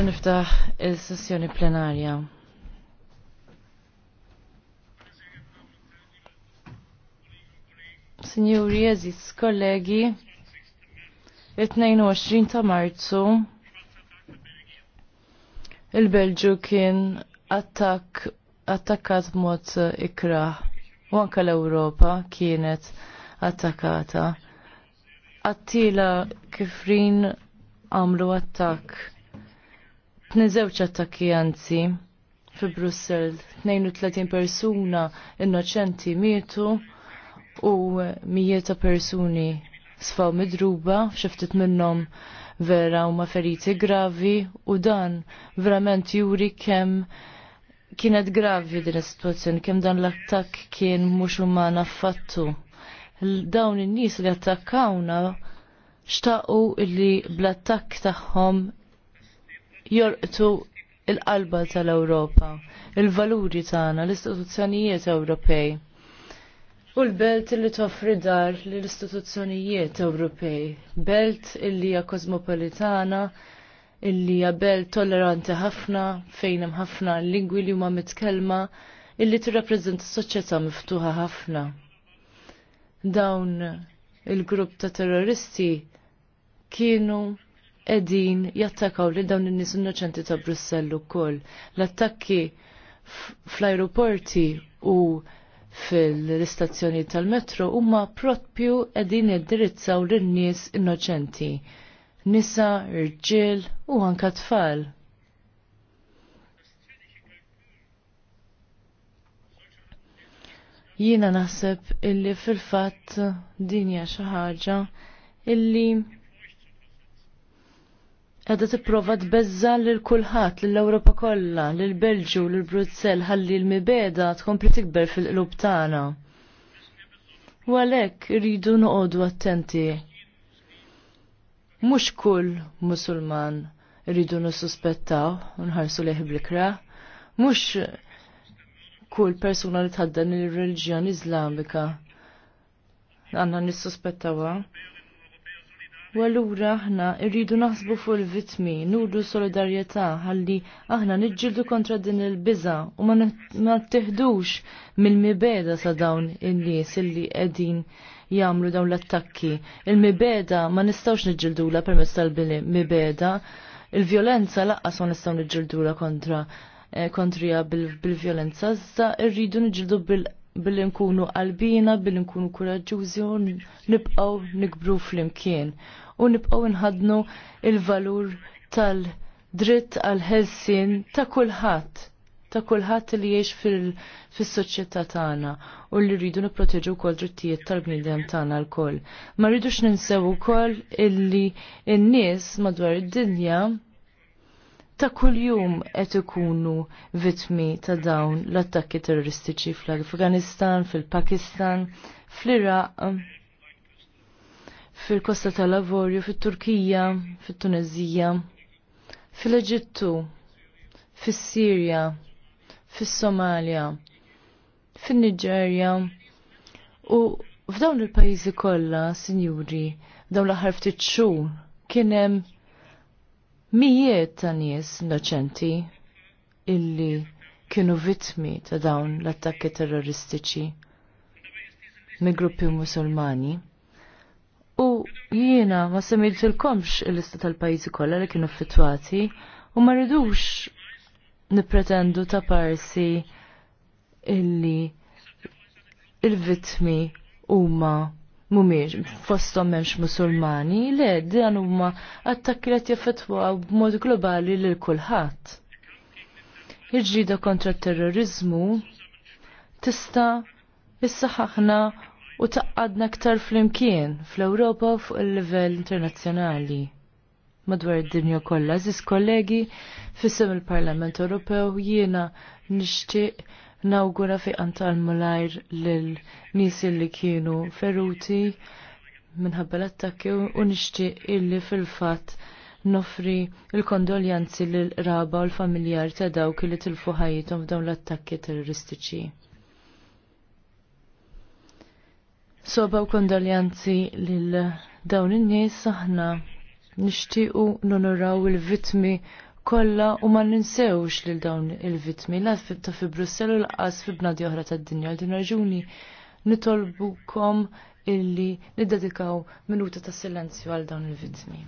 Nerġa' niftaħ il-sessjoni plenarja. Signori, eżis kollegi, il-22 ta' marzu il-Belġu kien attak attakkat mod ikra, u anka l-Ewropa kienet attakata. Attila kifrin għamlu attak Tnizewċ attakki anzi fi Brussel, 32 persuna innoċenti mietu u mieta persuni sfaw midruba, xeftit minnom vera u ma feriti gravi u dan verament juri kem kienet gravi din is-sitwazzjoni kemm dan l-attakk kien mhux umana affattu. Dawn in-nies li attakkawna xtaqu illi bl-attakk tagħhom jorqtu il-qalba tal-Ewropa, il-valuri tagħna, l-istituzzjonijiet Ewropej. U l-belt li toffri dar l-istituzzjonijiet Ewropej, belt illi hija kosmopolitana, illi hija belt tolleranti ħafna fejn hemm ħafna lingwi li huma mitkellma illi tirrappreżenta soċjetà miftuħa ħafna. Dawn il-grupp ta' terroristi kienu edin jattakaw li dawn in-nies innoċenti ta' Brussell ukoll. L-attakki fl-aeroporti u fil-istazzjoni tal-metro huma propju edin iddirizzaw lin-nies innoċenti. Nisa, irġiel u anka tfal. Jiena naħseb illi fil-fatt dinja xi ħaġa illi t-prova tipprova bezza lil kulħadd lill-Ewropa kollha, lil Belġu, l Bruzzell ħalli l-mibeda tkompli tikber fil-qlub tagħna. U għalhekk irridu noqogħdu attenti. Mhux kull Musulman rridu nissuspettaw u nħarsu leħ bl mhux kull persuna li tħaddan il-reliġjon Iżlamika għandna nissuspettawha. U allura aħna rridu naħsbu fuq il-vitmi, nuru solidarjetà ħalli aħna niġġildu kontra din il-biża u ma tiħdux mill-mibeda sa dawn in-nies illi qegħdin jagħmlu dawn l-attakki. Il-mibeda ma nistgħux niġġildula permezz tal-mibeda, il-vjolenza laqqas ma nistgħu niġġildula kontra eh, kontrija bil-vjolenza, iżda irridu niġġildu bil billi nkunu qalbina, billi nkunu kuraġġużi u nibqgħu nikbru flimkien u nibqgħu nħadnu il-valur tal-dritt għal ħelsien ta' kulħadd ta' kulħadd li jgħix fis-soċjetà tagħna u li rridu nipproteġu wkoll drittijiet tal-bniedem tagħna lkoll. Ma rridux ninsew ukoll illi n-nies madwar id-dinja ta' kuljum qed ikunu vittmi ta' dawn l-attakki terroristiċi fl-Afganistan, fil-Pakistan, fl-Iraq, fil-Kosta tal-Lavorju, fit-Turkija, fit-Tunezija, fil-Eġittu, fis-Sirja, fis somalia fin-Niġerja u f'dawn il-pajjiżi kollha, sinjuri, dawn l-aħħar ftit xhur kien hemm mijiet ta' nies innoċenti illi kienu vittmi ta' dawn l-attakki terroristiċi minn gruppi musulmani. U jiena ma semmiltilkomx il-lista tal-pajjiżi kollha li kienu fitwati u ma rridux nipretendu ta' parsi illi il vittmi huma mumir fostom memx musulmani, le dan huma attakki qed b b'mod globali lil kulħadd. il kontra terrorizmu tista' issaħħaħna u taqqadna ktar flimkien fl-Ewropa fuq il-livell internazzjonali madwar id-dinja kollha. Eżis kollegi, fissem il-Parlament Ewropew jiena nixtieq nawgura fi antal mulajr lil nies li kienu feruti minħabba l-attakki u nixtieq illi fil-fatt nofri l kondoljanzi lil raba u l-familjar ta' dawk li tilfu ħajjithom f'dawn l-attakki terroristiċi. Soba u kondoljanzi lil dawn in-nies aħna nixtiequ nonoraw il-vitmi kollha u ma ninsewx lil dawn il-vitmi la ta' fi Brussel u laqas fi bnadi oħra tad-dinja għal din raġuni nitolbukom illi niddedikaw minuta ta' silenzju għal dawn il-vitmi.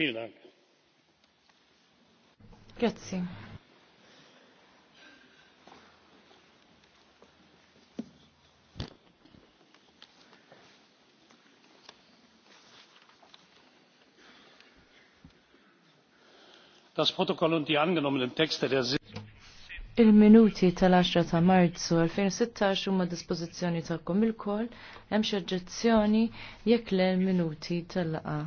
Vielen Dank. Grazie. Das Protokoll und die angenommenen Texte der Il-minuti tal-10 ta' Marzu 2016 huma dispożizzjoni tagħkom il-kol, hemm xi oġġezzjoni jekk le minuti tal-laqa